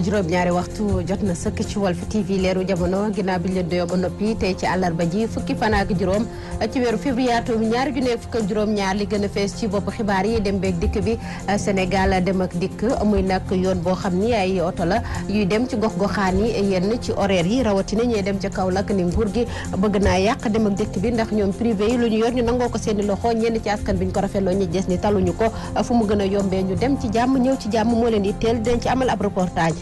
juróom-ñaari waxtu jot na sëkk ci Walf TV leeru jamono ginnaaw bi ñu leen doyoo ba noppi tey ci àllarba ji fukki fan ak juróom ci weeru février atum ñaari junni fukk ak juróom-ñaar li gën a fees ci bopp xibaar yi dem beeg dikk bi Sénégal dem ak dikk muy nag yoon boo xam ni ay oto la yuy dem ci gox-goxaan yi yenn ci horaire yi rawatina ñuy dem ca Kaolack ni nguur gi bëgg naa yàq dem ak dikk bi ndax ñoom privé yi lu ñu yor ñu nangoo ko seeni i loxo ñenn ci askan bi ñu ko rafetloo ñu des ni taluñu ko fu mu gën a yombee ñu dem ci jàmm ñëw ci jàmm moo leen di teel dañ ci amal ab reportage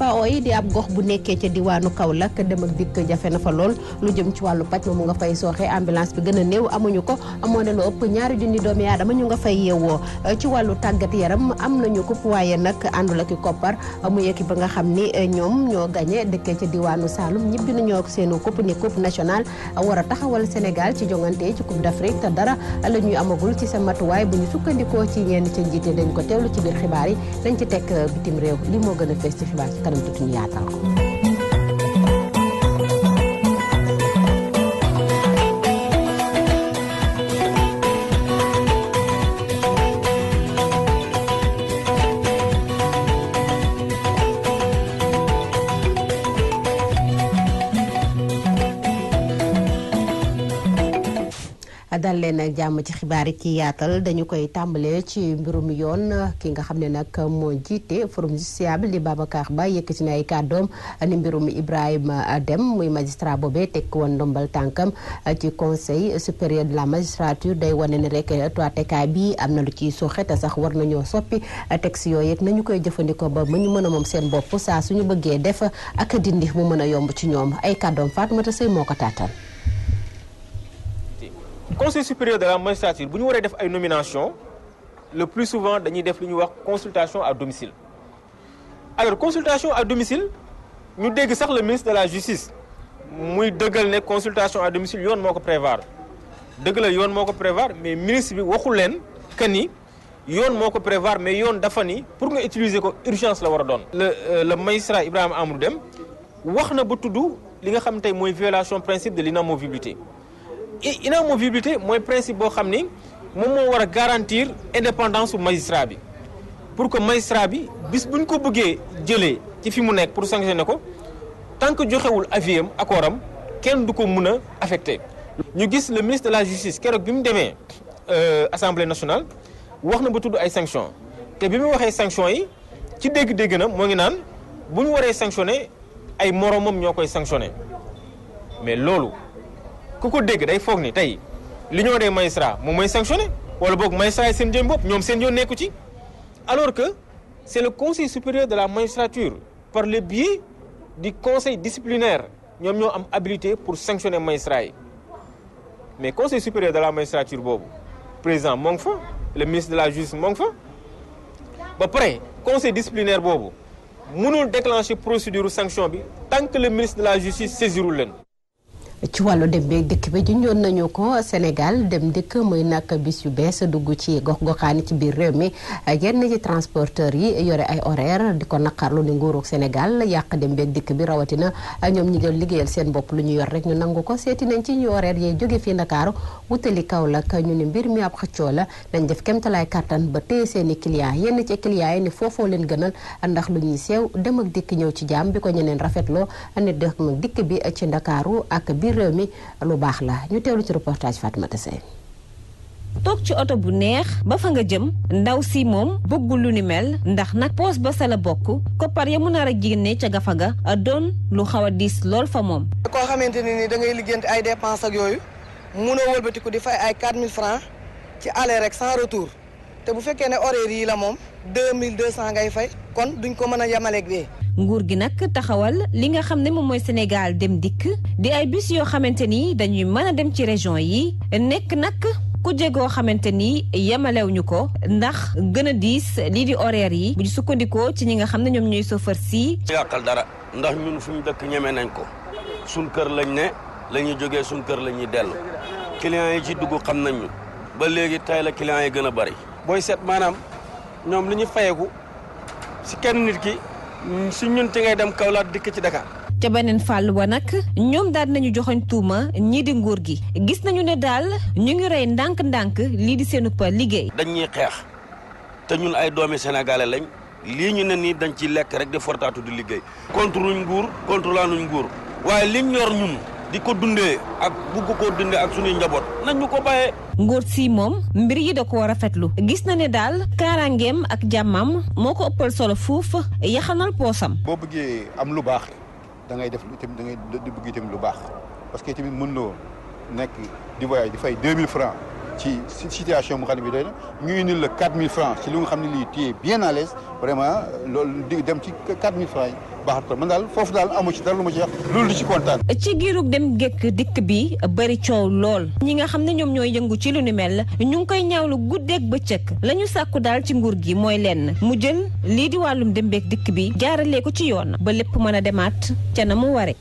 Faoy di ab gox bu nekkee ca diwaanu kaw Kaolack dem ak dikk jafe na fa lool lu jëm ci wàllu paj mu nga fay sooxee ambulance bi gën a néew amuñu ko amoo ne lu ëpp ñaari junni doomi aadama ñu nga fay yeewoo ci wàllu tàggat yaram am nañu ko waaye nag àndul ak i koppar mu yëkki ba nga xam ni eh, ñoom ñoo gañe dëkkee ca diwaanu Saloum ñibbi nañoo ak seen coupe ni coupe nationale war a taxawal Sénégal ci jongante ci coupe d'Afrique te dara la ñuy amagul ci sa matuwaay bu ñu sukkandikoo ci ñenn ca njiite dañ ko teewlu ci biir xibaar yi dañ ci tekk eh, bitim réew li moo gën a fees ci xibaar kanam tuuti ñu yaatal dal leen ak jàmm ci xibaar yi ki yaatal dañu koy tàmbalee ci mbirum yoon ki nga xam ne nag moo jiite forum justiciable di Babacar Ba yëkkati na ay kàddoom ni mbirum Ibrahima Dem muy magistrat boobee tekk woon ndombal tànkam ci conseil supérieur de la magistrature day wane ni rek toitekaay bi am na lu ciy soxe te sax war nañoo soppi texte yooyu ak nañu koy jëfandikoo ba mu ñu mën a moom seen bopp saa ñu bëggee def ak dindi mu mën a yomb ci ñoom ay kàddoom Fatoumata Seye moo ko taataan conseil supérieur de la magistrature bu ñu waree def ay nomination le plus souvent dañuy def lu ñuy wax consultation à domicile alors consultation à domicile ñu dégg sax la ministre de la justice muy dëggal ne consultation à domicile yoon moo ko prévoir dëgg la yoon moo ko prévoir mais ministre bi waxul leen que ni yoon moo ko prévoir mais yoon dafa ni pour nga utiliser ko urgence la war a doon. le euh, le magistrat Ibrahima Amadou Dème wax na ba tudd li nga xam tey mooy violation principe de l'inamovibilité inamovibilité mooy principe boo xam ni moom moo war a garantir indépendance su magistrat bi pour que magistrat bi bis bu ñu ko bëggee jëlee ci fi mu nekk pour sanctionner ko tant que joxewul avis am accord kenn du ko mun a affecté. ñu gis le ministre de la justice keroog bi mu demee euh, assemblée nationale wax na ba tudd ay sanctions te bi mu waxee sanctions yi ci dégg-dégg na moo ngi naan bu ñu waree sanctionné ay moromam ñoo koy sanctionné mais loolu. ku ko dégg day foog ni tey l'union dee magistrats moom mooy sanctionné wala boog magistrats yi seen jëm bopp ñoom seen yoon nekku ci alors que c' est le conseil supérieur de la magistrature par le biais du conseil disciplinaire ñoom ñoo am habilité pour sanctionner magistrats yi mais conseil supérieur de la magistrature boobu président moo ngi fa le ministre de la justice moo ngi fa ba pare conseil disciplinaire boobu mënul déclencher procédure sanction bi tant que le ministre de la justice saisirul leen ci wàllu dem beeg dikk bi ñoon nañu ko Sénégal dem dikk mooy nakk bis yu bees dugg ci gox-goxaani ci biir réew mi yenn ci transporteurs yi yore ay horaire di ko naqarlu ni nguurug Sénégal yàq dem beeg dikk bi rawatina ñoom ñi doon liggéeyal seen bopp lu ñu yor rek ñu nangu ko seeti nañ ci ñu horaire yee jóge fii Ndakaaru wutali Kaolack ñu ne mbir mi ab xëccoo la nañ def kemtalaay kàttan ba téye seen i clients yenn ci clients yi ni foofoo leen gënal ndax lu ñuy seew dem ak dikk ñëw ci jaam bi ko ñeneen rafetloo ne ak bi ci Ndakaaru ak biir réew mi lu baax la ñu teewlu ci reportage Fatoumata Seye toog ci oto bu neex ba fa nga jëm ndaw si moom bëggul lu ni mel ndax nag poos ba sa la bokk koppar ya mu nar a génne ca gafa ga doon lu xaw a diis lool fa moom. koo xamante ne ni da ngay liggéeyante ay dépenses ak yooyu munoo wëlbatiku di fay ay 4000 francs ci aller rek sans retour te bu fekkee ne horaire yi la moom 2200 ngay fay kon duñ ko mën a yemaleeg dee. nguur gi nag taxawal li nga xam ne moom mooy Sénégal dem dikk di ay bus yoo xamante ni dañuy mën a dem ci région yi nekk nag ku jegoo xamante nii yemalew ñu ko ndax gën a diis lii di horaire yi bu ñu sukkandikoo ci ñi nga xam ne ñoom ñooy chauffeur si yàqal dara ndax ñun fu ñu dëkk ñeme nañ ko suñ kër lañ ne la ñuy jógee suñ kër lañuy dell dellu clients yi ci dugg xam nañ ba léegi tay la clients yi gën a bari booy seet maanaam ñoom li ñu fayeku si kenn nit ki Mm, su ñun ci ngay dem Kaolack dikk ci Dakar. ca beneen fàll wa nag ñoom daal nañu joxoñ tuuma ñii di nguur gi gis nañu ne daal ñu ngi rey ndànk-ndànk lii di seenu pa liggéey. dañ xeex te ñun ay doomi sénégalais lañ lii ñu ne nii dañ ciy lekk rek di fortaatu di liggéey. contre luñ nguur contre laanuñ nguur waaye liñ ñor ñun. di ko dundee ak bugg koo dundee ak suñuy njaboot nañ ñu ko bàyyee. Ngóor si moom mbir yi da koo rafetlu gis na ne daal kaaraangeem ak jàmmam moo ko ëppal solo fuuf yaxanal poosam. boo bëggee am lu baax da ngay def itam da ngay di bëgg itam lu baax parce que tamit mën loo nekk di voyage di fay 2000 francs ci situation bu xam ne bi doy na ñu indil la 4000 francs ci li nga xam ne lii tu es bien à vraiment lool di dem ci 4000 francs yi. baax foofu daal amu ci dara ci wax giirug dem gékk dikk bi bari coow lool. ñi nga xam ne ñoom ñooy yëngu ci lu ni mel ñu ngi koy ñaawlu guddeeg bëccëg la ñu sàkku daal ci nguur gi mooy lenn mu jël lii di wàllum dem dikk bi jaaralee ko ci yoon ba lépp mën a demaat ca na mu ware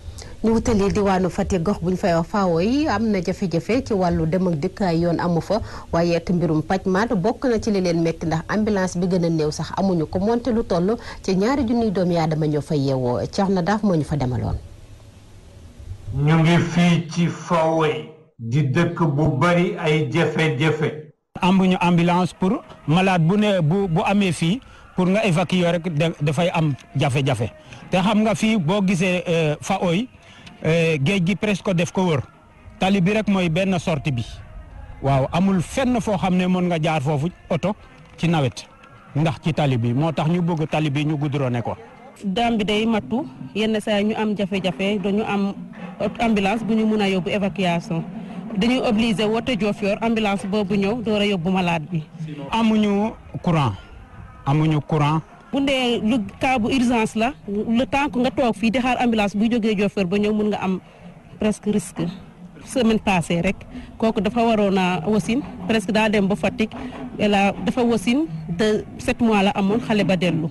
ñu wutali diwaanu Fatick gox bu ñu fay wax faawo yi am na jafe-jafe wàllu dem ak dikk ay yoon amu fa waaye mbirum paj maat bokk na ci li leen ndax ambulance bi gën a néew amuñu ko monte lu toll ci ñaari junniy doomi aadama ñoo fa yeewoo ceex na daaf moo ñu fa demaloon. ñu ngi fii ci faawo yi di dëkk bu bari ay jafe-jafe. amuñu ambulance pour malaat bu ne bu bu amee fii. pour nga évacuer rek dafay am jafe-jafe te xam nga fii boo gisee euh, fa ooy Eh, géej gi presque def ko wër tali bi rek mooy benn sortie bi waaw amul fenn foo xam ne mën nga jaar foofu oto ci nawet ndax ci tali bi moo tax ñu bëgg tali bi ñu goudronné ko. dam bi day mattu yenn saa ñu am jafe-jafe dañu am ambulance bu ñu mun a yóbbu évacuation dañuy obligé woote Diofior ambulance boobu ñëw door a yóbbu malaat bi. amuñu courant amuñu courant. bu dee lu cas bu urgence la le temps nga toog fii di xaar ambulance buy jógee Diofior ba ñëw mun nga am presque risque semaine passée rek kooku dafa waroon a wasin presque daa dem ba Fatick la dafa wasin de sept mois la amoon xale ba dellu.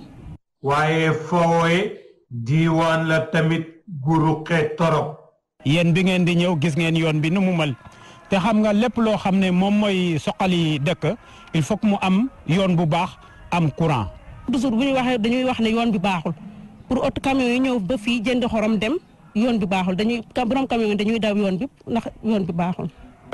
waaye foowe diiwaan la tamit guru torop. yéen bi ngeen di ñëw gis ngeen yoon bi nu mu mal te xam nga lépp loo xam ne moom mooy soqali dëkk il faut mu am yoon bu baax am courant. toujours bu ñu waxee dañuy wax ne yoon bi baaxul pour oto camion yi ñëw ba fii jënd xorom dem yoon bi baaxul dañuy borom camion yi dañuy daw yoon bi ndax yoon bi baaxul.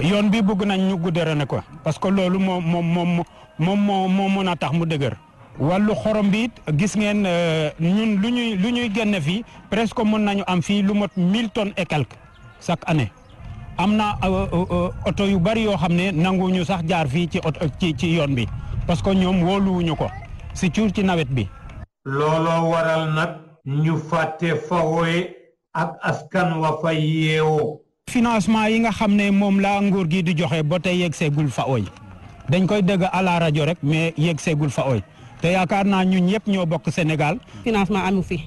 yoon bi bëgg nañ ñu guddere ne ko parce que loolu moom moom moom moom moo moo mën a tax mu dëgër. wàllu xorom bi it gis ngeen euh, ñun lu ñuy lu ñuy génne fii presque mën nañu am fii lu mot mille tonnes et quelque chaque année. am na euh, euh, oto yu bari yoo xam ne nanguwuñu sax jaar fii ci oto ci ci yoon bi parce que ñoom wóoluwuñu ko. si cuur ci nawet bi looloo waral nag ñu fàtte fawoye ak askan wa fa yeewoo financement yi nga xam ne moom laa nguur gi di joxe ba tey yegg seegul fa oy dañ koy dégg à la rajo rek mais yegg seegul fa oy te yaakaar naa ñun ñëpp ñoo bokk Sénégal financement amu fi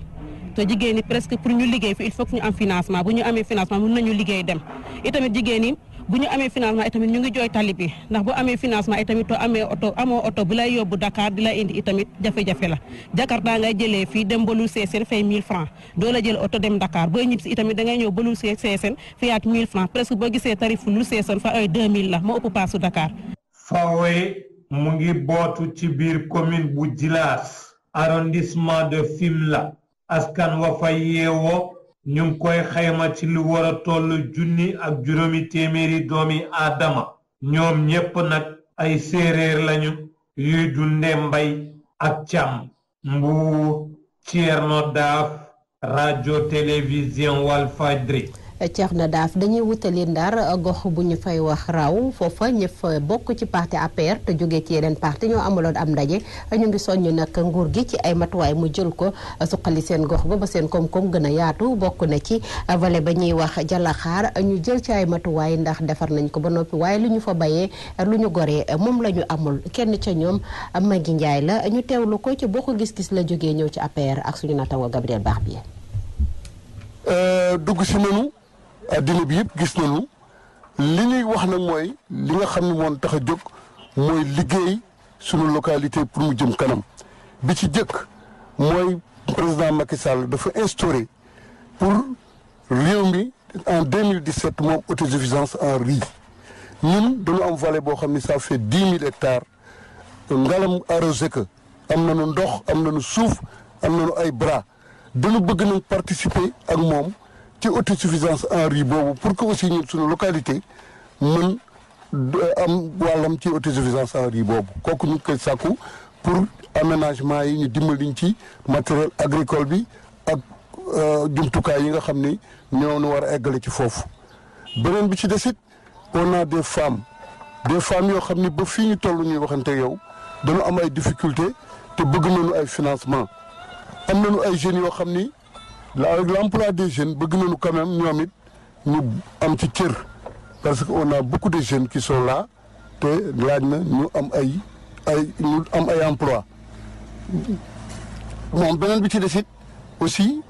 te jigéen ñi presque pour ñu liggéey fi il faut que ñu am financement bu ñu amee financement mun nañu liggéey dem itamit jigéen ñi bu ñu amee financement itamit ñu ngi jooy tali bi ndax bu amee financement itamit to amee oto amoo oto bu lay yóbbu Dakar di lay indi itamit jafe-jafe la Jakarta ngay jëlee fii dem ba lu seeseen fay mille francs doo jël oto dem Dakar boo ñib si itamit da ngay ñëw ba lu seeseen fiyaat 1000 francs presque boo gisee tarif lu seeseen fa ay 2000 la moo ëpp paasu Dakar. Fawe mu ngi bootu ci biir commune bu Djilass arrondissement de Fimela askan wa fa yeewoo ñu ngi koy xayma ci lu war a toll junni ak juróomi téeméeri doomi aadama ñoom ñépp nag ay séeréer lañu yuy dunde mbay ak càmm mbuur Thierno Daaf rajo télévision Walfadjri na Daaf dañuy wutali Ndar gox bu ñu fay wax raw foofa ñë bokk ci parti APR te jógee ci yeneen parti ñoo amaloon am ndaje ñu ngi soññ nag nguur gi ci ay matuwaay mu jël ko suqali seen gox ba ba seen koom-koom gën a yaatu bokk na ci vallée ba ñuy wax Jalaxaar ñu jël ci ay matuwaay ndax defar nañ ko ba noppi waaye lu ñu fa bayee lu ñu goree moom la ñu amul kenn ca ñoom Magui njaay la ñu teewlu ko ci ko gis-gis la jógee ñëw ci APR ak suñu naataango Gabriel Barbier euh, dugg si nanu addina bi yëpp gis nañu li ñuy wax na mooy li nga xam ne moom tax a jóg mooy liggéey sunu localité pour mu jëm kanam bi ci jëkk mooy président Macky Sall dafa instauré pour réew mi en 2017 moom autosuffisance en riz ñun dañu am vallée boo xam ne ça fait dix mille hectares ngalam arrosé que am nañu ndox am na nañu suuf am na nañu ay bras dañu bëgg nañ participer ak moom. ci auto autosuffisance en riz boobu pour que aussi ñun suñu localité mën euh, am wàllam ci autosuffisance en riz boobu kooku ñu koy sàkku pour aménagement yi ñu dimbaliñ ci matériel agricole bi ak euh, jumtukaay yi nga xam ni ñoo nu war a eggale ci foofu. beneen bi ci desit on a des femmes des femmes yoo xam ni ba fii ñu toll ñuy waxante yow dañu am ay difficultés te bëgg nañu ay financement am nañu ay jeunes yoo xam ni. là avec l'emploi des jeunes bëgg nañu quand ñoom it ñu am ci cër parce que on a beaucoup de jeune qui sont là te laaj na ñu am ay ay ñu am ay emploi moom beneen bi ci des it aussi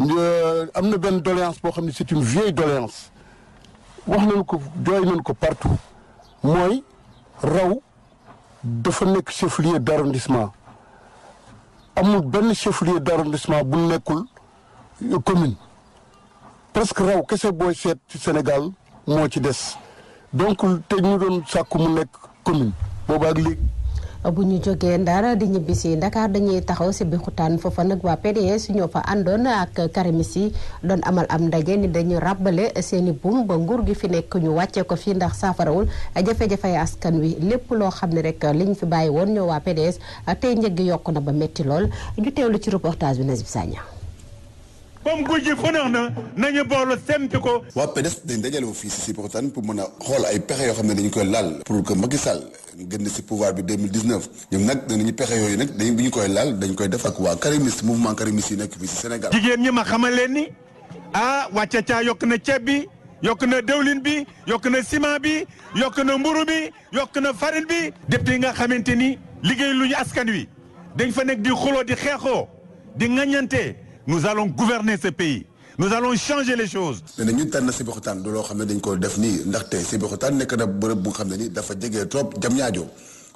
euh, am na benn doléance boo xam ne c'est une vieille doléance wax nañu ko jooy nañu ko partout mooy raw dafa nekk chef-lieu d'arrondissement amul benn chef-lieu d'arrondissement bu nekkul commune presque raw kese booy seet ci Sénégal moo ci des donc te ñu doon sàkku mu nekk commune boobu ak léegi. bu ñu jógee ndara di ñibbisi ndakaar dañuy taxaw si bi xutaan foofa nag waa PDS ñoo fa àndoon ak karamis yi doon amal am ndaje ni dañu ràbbale seeni buum ba nguur gi fi nekk ñu wàccee ko fi ndax saafarawul jafe-jafe askan wi lépp loo xam ne rek liñ fi bàyyi woon ñoo waa PDS tey njëg yokk na ba métti lool ñu teewlu ci reportage bi Nasib Sagna comme Guy fënax na nañu boolu sempi ko. waa PDS dañ dajale fii si Sébikotane pour mën a xool ay pexe yoo xam ne dañ koy laal. pour que Macky Sall ñu gën si pouvoir bi 2019 ñoom nag danañu pexe yooyu nag dañ bu ñu koy laal dañ koy def ak waa karimiste mouvement karimiste yi nekk fii si Sénégal. jigéen ñi ma xamal leen ni ah wàcce caa yokk na ceeb bi yokk na dëwlin bi yokk na ciment bi yokk na mburu bi yokk na farine bi. depuis nga xamante ni liggéey lu ñu askan wi dañ fa nekk di xuloo di xeexoo di ŋaññante. nous allons gouverner ce pays. nous allons changer les choses. nee na ñun tànn Sébikotane du loo xam ne dañ ko def nii ndaxte Sébikotane nekk na bërëb bu nga xam ne nii dafa jege trop jam ñaajo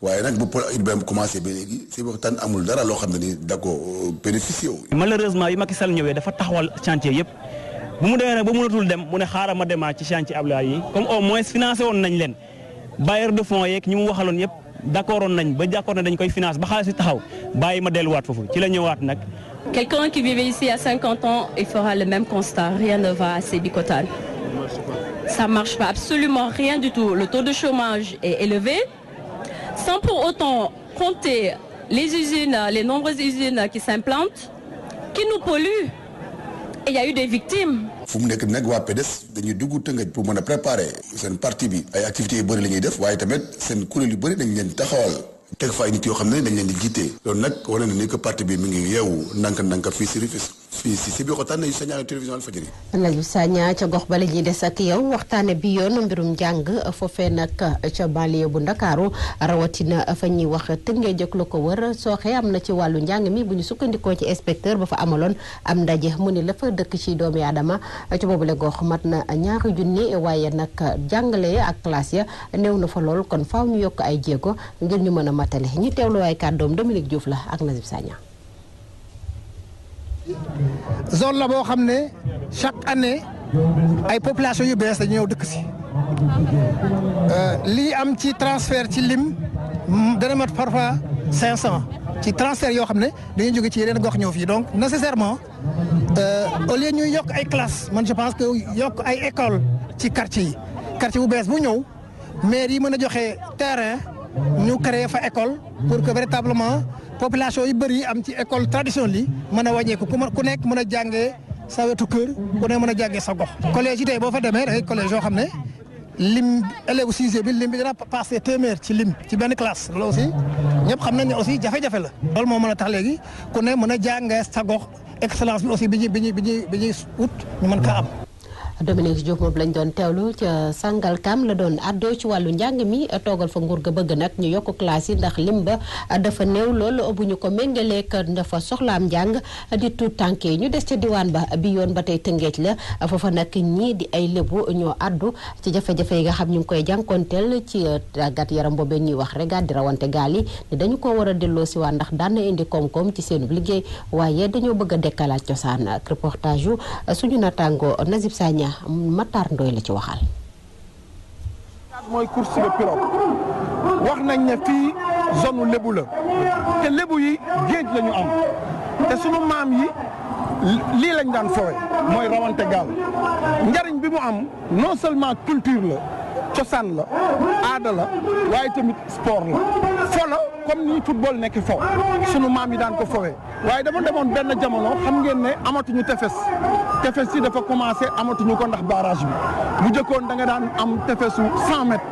waaye nag bu pôle urbain bi commencé ba léegi Sébikotane amul dara loo xam ne nii da ko bénéficié wu. malheureusement yi Macky Sall ñëwee dafa taxawal chantier yëpp bu mu demee nag ba mënatul dem mu ne xaaral ma demaat ci chantier Abdoulaye yi comme au moins financé woon nañ leen bailleur de fonds yeeg ñi mu yëpp d' accord woon nañ dañ koy finance ba xaalis si ma delluwaat foofu ci la ñëwaat nag. Quelqu'un qui vivait ici à 50 ans, il fera le même constat. Rien ne va à Sébikotane. Ça ne marche pas, absolument rien du tout. Le taux de chômage est élevé, sans pour autant compter les usines, les nombreuses usines qui s'implantent, qui nous polluent. Et il y a eu des victimes. fu mu nekk nag waa PDS dañuy dugg Tëngéej pour mën a préparer seen parti bi ay activités yu bëri la ñuy def waaye tamit seen kuréel yu bëri dañ leen taxawal. teg fa ay nit yoo xam ne dañ leen di jiitee loolu nag wane na ni que parti bi mi ngi yeewu ndànk-ndànk fii si Rufisque si si si biir waxtaan nañu Sagna ca gox ba la ñuy des ak yow waxtaane bi yoon mbirum njàng foofee nag ca banlieue bu ndakaaru rawatina fa ñuy wax tëngeejëk la ko war a sooxe am na ci wàllu njàng mi bu ñu sukkandikoo ci inspecteur ba fa amaloon am ndaje mu ne la fa dëkk ci doomi aadama ca boobule gox mat na ñaari junni waaye nag jàngale ak classe ya néew na fa lool kon faaw ñu yokk ay jéego ngir ñu mën a matale ñu teewlu waay kàddoom Dominique Diouf la ak Nazib Sagna. zone la boo xam ne chaque année ay population yu bees dañu ñëw dëkk si euh, lii am ci transfert ci lim mm, dana mat parfois 500 ci transfert yoo xam ne dañuy jóge ci yeneen gox ñëw fii donc nécessairement euh, au lieu ñuy yokk ay classes man je pense que yokk ay école ci quartier yi quartier bu bees bu ñëw maire yi mën a joxe terrain ñu créer fa école pour que véritablement population yi bëri am ci école traditionnelle yi mën a wàññeeku ku nekk mën a jàngee kër ku ne mën a jàngee sa gox. collège yi tey boo fa demee rek collège yoo xam ne lim élève sixième bi lim bi dina passé téeméer ci lim ci benn classe loolu aussi ñëpp xam nañ ne aussi jafe-jafe la. loolu moo mën a tax léegi ku ne mën a jàngee sa gox excellence bi aussi bi ñuy bi ñuy bi ñuy bi ñuy wut ñu mën kaa am. Dominique Diop moom lañ doon teewlu ca Sangalkam la doon àddoo ci wàllu njàng mi toogal fa nguur ga bëgg nag ñu yokk classe yi ndax lim ba dafa néew lool bu ñu ko méngaleek dafa soxlaam njàng di tuut tànkee ñu des ca diwaan ba bi yoon ba tey tëngeej la foofa nag ñii di ay lébu ñoo àddu ci jafe-jafe yi nga xam ñu ngi koy jànkoonteel ci tàggat yaram boobee ñuy wax rek di rawante gaal yi ne dañu ko war a delloo si waat ndax daan indi koom-koom ci seen liggéey waaye dañoo bëgg a dekkalaat cosaan ak reportage Niang Matar Ndoye la ci waxal. mooy course de wax nañ ne fii zone u lébu la te lébu yi géej lañu am te sunu maam yi lii lañ daan fowe mooy rawante gaal njariñ bi mu am non seulement culture la. cosaan la aada la waaye tamit sport la fo la comme ni football nekk foo sunu maam yi daan ko fowee waaye dama demoon benn jamono xam ngeen ne amatuñu tefes tefes yi dafa commencé amatuñu ko ndax barrage bi bu jëkkoon danga nga daan am tefesu 100 mètres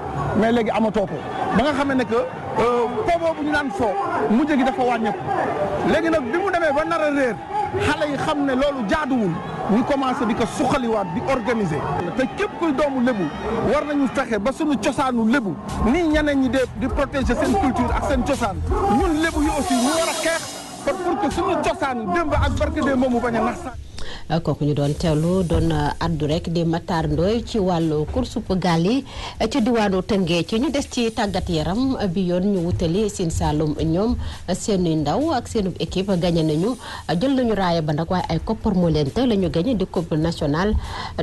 mais léegi amatoo ko ba nga xam ne que po euh, boobu ñu daan fo mujj gi dafa wàññeeku léegi nag bi mu demee ba nar a réer. xale yi xam ne loolu jaaduwul ñu commencé di ko suqaliwaat di organiser. te képp kuy doomu lébu war nañu fexe ba suñu cosaanu lébu nii ñeneen ñi de di protéger seen culture ak seen cosaan ñun lébu yi aussi ñu war a xeex pour que suñu cosaan démb ak barke dee moomu bañ a nax kooku ñu doon teewlu doon uh, addu rek di Matar Ndoye ci wàllu course bu gaal yi uh, ca diwaanu Tëngee ci ñu des ci tàggat yaram bi yoon ñu wutali Sine Saalum ñoom uh, seeni ndaw ak seenub équipe gañe nañu jël nañu raaya ba nag waaye ay koppar mu leen te la ñu gañe di coupe nationale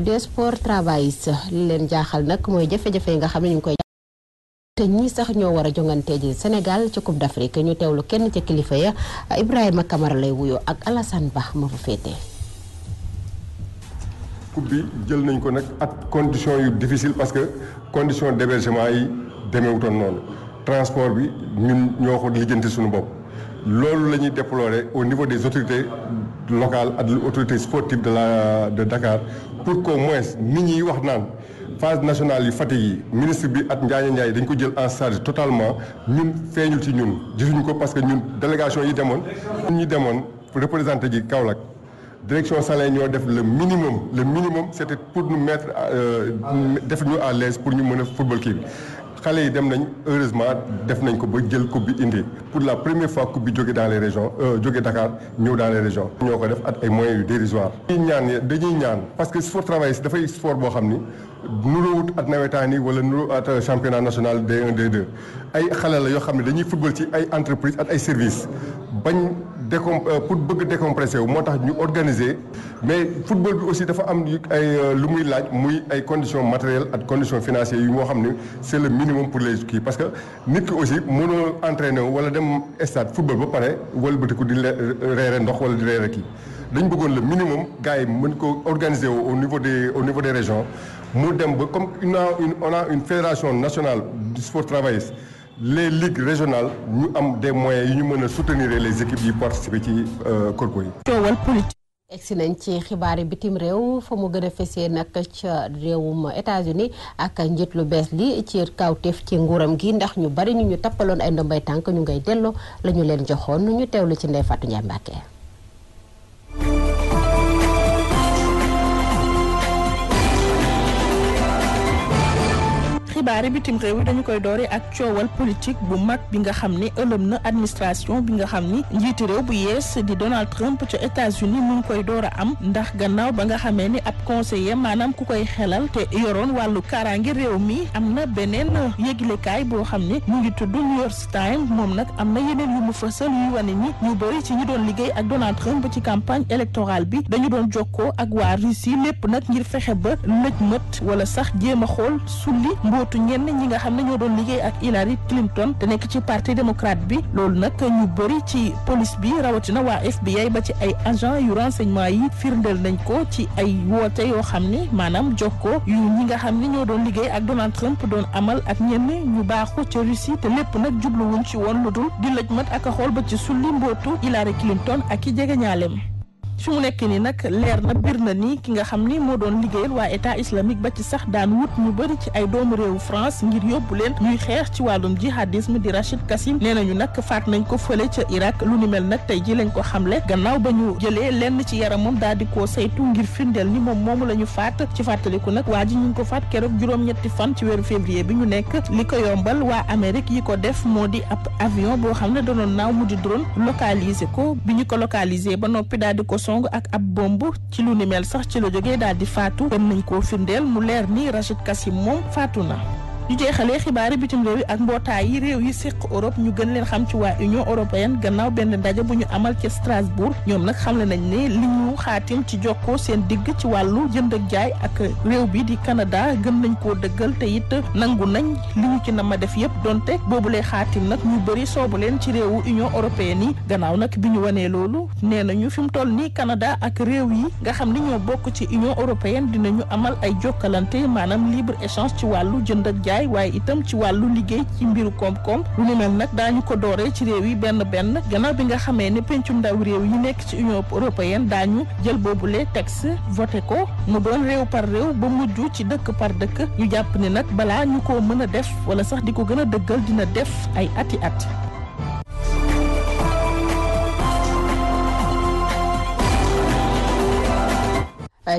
des sports travaillistes leen jaaxal nag mooy jafe-jafe yi nga xam ne ñu ngi koy te ñii sax ñoo war a jongante ji Sénégal ci Coupe d'Afrique ñu teewlu kenn ca kilifa ya Ibrahima Kamara lay wuyoo ak Alassane Ba ma coupe bi jël nañ ko nag ak condition yu difficile parce que condition d'hébergement yi demeewutoon noonu transport bi ñun ñoo ko lijjanti suñu bopp loolu la ñuy déplorer au niveau des autorités locales ak autorités sportives de la de Dakar pour qu'au moins nit ñi wax naan phase nationale yi Fatick yi ministre bi ak Njaaña Njaay dañ ko jël en charge totalement ñun feeñul ci ñun gisuñu ko parce que ñun délégation yi demoon ñun ñu demoon représenté ji Kaolack direction salaire ñoo def le minimum le minimum c'était pour nous mettre euh, def ñu à l'aise pour ñu mën a football kii xale yi dem nañ heureusement def nañ ko ba jël coupe bi indi pour la première fois coupe bi jóge dans les régions euh, jóge Dakar ñëw dans les régions ñoo ko def at ay moyens yu dérisoire dañuy ñaan dañuy ñaan parce que sport travail dafay sport boo xam ni nuróowut at nawetaan yi wala nuró at euh, championnat national de 1 D2 ay xale la yoo xam ne dañuy football ci ay entreprise at ay service bañ décom euh, pour bëgg décompressé wu moo tax ñu organiser mais football bi aussi dafa am ay euh, lu muy laaj muy ay conditions matérielles ak conditions financières yi moo xam ne c'est le minimum pour les kii parce que nit ki aussi mënoo entraîner wu wala dem stade football ba pare wëlbatiku di euh, reere ndox wala di reere kii dañ bëggoon le minimum gars yi mën ko organiser wu au niveau des au niveau des région mu dem ba comme on a une on a une fédération nationale du sport travailliste les ligues régionales ñu am des moyens yu ñu mën a soutenir les équipes yi participer ci euh, corpo yi. coowal politique. egsi nañ ci xibaari bitim réew fa mu gën a fesee nag ca réewum États-Unis ak njiit lu bees li ci kawteef ci nguuram gi ndax ñu bari ñu ñu tappaloon ay ndombay tànk ñu ngay delloo la ñu leen joxoon ñu teewlu ci Ndeye Fatou Ndiaye Mbacke xibaari bitim réew yi dañu koy doore ak coowal politique bu mag bi nga xam ne ëlëm na administration bi nga xam ni njiiti réew bu yees di Donald Trump ca États-Unis mu ngi koy door a am ndax gannaaw ba nga xamee ni ab conseiller maanaam ku koy xelal te yoroon wàllu ngir réew mi am na beneen yëglekaay boo xam ne mu ngi tudd New York Times moom nag am na yeneen yu mu fësal yuy wane ni ñu bëri ci ñu doon liggéey ak Donald Trump ci campagne électorale bi dañu doon jokkoo ak waa Russie lépp nag ngir fexe ba lëj mët wala sax jéem a xool sulli surtout ñenn ñi nga xam ne ñoo doon liggéey ak Hillary Clinton te nekk ci parti démocrate bi loolu nag ñu bëri ci police bi rawatina waa FBI ba ci ay agent yu renseignement yi firndeel nañ ko ci ay woote yoo xam ne maanaam jokkoo yu ñi nga xam ne ñoo doon liggéey ak Donald Trump doon amal ak ñenn ñu baaxu ca Russie te lépp nag jubluwuñ ci woon lu dul di lëj mat ak xool ba ci sulli mbootu Hillary Clinton ak i jegeñaaleem su mu nekk nii nag leer na bir na ni ki nga xam ni moo doon liggéeyal waa état islamique ba ci sax daan wut ñu bëri ci ay doomu réewu France ngir yóbbu leen ñuy xeex ci wàllum jihadisme di Rachid Kassim nee nañu nag faat nañ ko fële ca Irak lu ni mel nag tey ji lañ ko xamle gannaaw ba ñu jëlee lenn ci yaramam daal di koo saytu ngir firndeel ni moom moomu la ñu faat ci fàttaliku nag waa ji ñu ko faat keroog juróom-ñetti fan ci weeru février bi ñu nekk li ko yombal waa yi ko def moo di ab avion boo xam ne danoon naaw mu di drone localiser ko bi ñu ko localiser ba noppi daal di ko song ak ab bomb ci lu ni sax ci la jógee daal di faatu gën nañ koo firndeel mu leer ni Rachid Kassim moom faatu na. ñu jeexalee xibaari bitim réew yi ak mbootaay yi réew yi séq Europe ñu gën leen xam ci waa Union européenne gannaaw benn ndaje bu ñu amal ci Strasbourg ñoom nag xam xamle nañ ne li ñu xaatim ci jokkoo seen digg ci wàllu jënd jaay ak réew bi di Canada gën nañ ko dëggal te it nangu nañ li ñu ci na ma def yépp donte boobu lay xaatim nag ñu bëri soobu leen ci réewu Union européenne yi gannaaw nag bi ñu wanee loolu nee nañu fi mu toll nii Canada ak réew yi nga xam ni ñoo bokk ci Union européenne dinañu amal ay jokkalante maanaam libre échange ci wàllu jënd ak njaay waaye itam ci wàllu liggéey ci mbiru koom-koom lu ni mel nag daañu ko dooree ci réew yi benn benn gannaaw bi nga xamee ne pencu ndaw réew yi nekk ci union européenne daañu jël boobule texte voté ko mu doon réew par réew ba mujj ci dëkk par dëkk ñu jàpp ne nag balaa ñu ko mën a def wala sax di ko gën a dëggal dina def ay ati at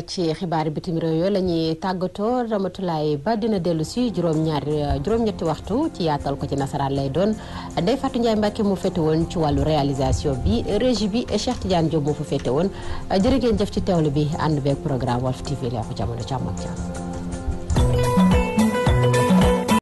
ci xibaari bitim réew yooyu la ñuy tàggatoo Ramatulaay Ba dina dellu si juróom-ñaari juróom-ñetti waxtu ci yaatal ko ci nasaraan lay doon Ndeye fattu Ndiaye Mbacke mu fete woon ci wàllu réalisation bi régi bi Cheikh Tidiane Diop moo fa fete woon jërë ngeen jëf ci teewlu bi ànd beeg programme Walf TV la ko jamono càmmoñ